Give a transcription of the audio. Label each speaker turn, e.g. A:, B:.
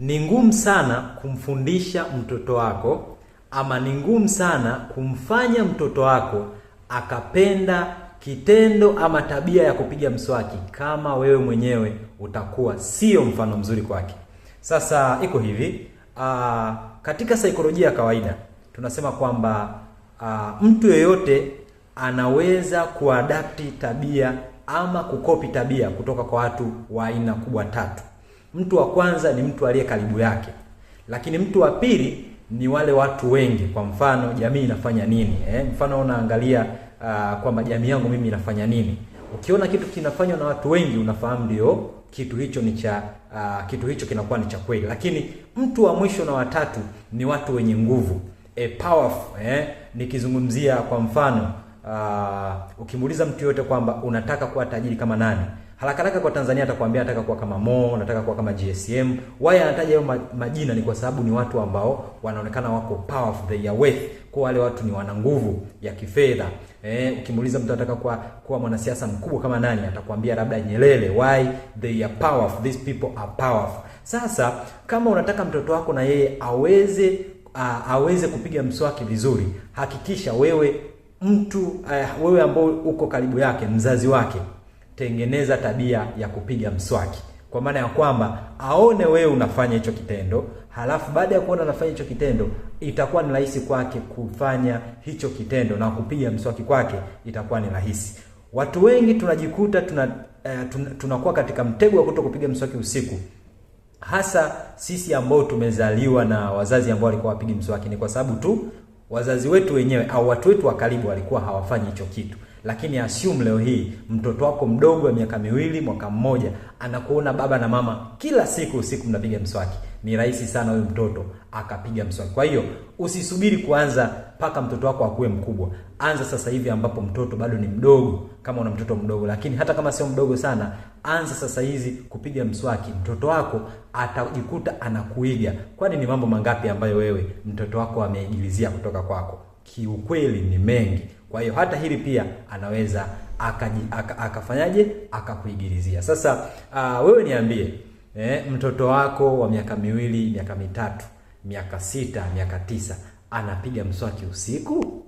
A: Ni ngumu sana kumfundisha mtoto wako ama ni ngumu sana kumfanya mtoto wako akapenda kitendo ama tabia ya kupiga mswaki kama wewe mwenyewe utakuwa sio mfano mzuri kwake. Sasa iko hivi, aa, ah, katika saikolojia ya kawaida tunasema kwamba aa, ah, mtu yeyote anaweza kuadapti tabia ama kukopi tabia kutoka kwa watu wa aina kubwa tatu. Mtu wa kwanza ni mtu aliye karibu yake, lakini mtu wa pili ni wale watu wengi. Kwa mfano jamii inafanya nini eh? Mfano unaangalia uh, kwamba jamii yangu mimi inafanya nini. Ukiona kitu kinafanywa na watu wengi, unafahamu ndio kitu hicho ni cha uh, kitu hicho kinakuwa ni cha kweli. Lakini mtu wa mwisho na watatu ni watu wenye nguvu, a powerful eh? Nikizungumzia kwa mfano uh, ukimuuliza mtu yote kwamba unataka kuwa tajiri kama nani, haraka haraka kwa Tanzania atakwambia nataka kuwa kama Mo, nataka kuwa kama GSM. Why anataja hayo majina? Ni kwa sababu ni watu ambao wanaonekana wako powerful, they are worth, kwa wale watu ni wana nguvu ya kifedha. Eh, ukimuuliza mtu anataka kuwa kuwa mwanasiasa mkubwa kama nani, atakwambia labda nyelele Why they are powerful, these people are powerful. Sasa kama unataka mtoto wako na yeye aweze uh, aweze kupiga mswaki vizuri, hakikisha wewe mtu eh, wewe ambao uko karibu yake, mzazi wake, tengeneza tabia ya kupiga mswaki, kwa maana ya kwamba aone wewe unafanya hicho kitendo, halafu baada ya kuona anafanya hicho kitendo, itakuwa ni rahisi kwake kufanya hicho kitendo, na kupiga mswaki kwake itakuwa ni rahisi. Watu wengi tunajikuta tuna, eh, tun, tunakuwa katika mtego wa kuto kupiga mswaki usiku hasa sisi ambao tumezaliwa na wazazi ambao walikuwa wapigi mswaki. Ni kwa sababu tu wazazi wetu wenyewe au watu wetu wa karibu walikuwa hawafanyi hicho kitu lakini asium leo hii mtoto wako mdogo wa miaka miwili, mwaka mmoja, anakuona baba na mama kila siku usiku mnapiga mswaki, ni rahisi sana huyu mtoto akapiga mswaki. Kwa hiyo usisubiri kuanza mpaka mtoto wako akuwe mkubwa, anza sasa hivi ambapo mtoto bado ni mdogo. Kama una mtoto mdogo, lakini hata kama sio mdogo sana, anza sasa hizi kupiga mswaki. Mtoto wako atajikuta anakuiga, kwani ni mambo mangapi ambayo wewe mtoto wako ameigilizia kutoka kwako? Kiukweli ni mengi. Kwa hiyo hata hili pia anaweza akafanyaje aka, akafanyaje akakuigilizia. Sasa uh, wewe niambie eh, mtoto wako wa miaka miwili, miaka mitatu, miaka sita, miaka tisa anapiga mswaki usiku?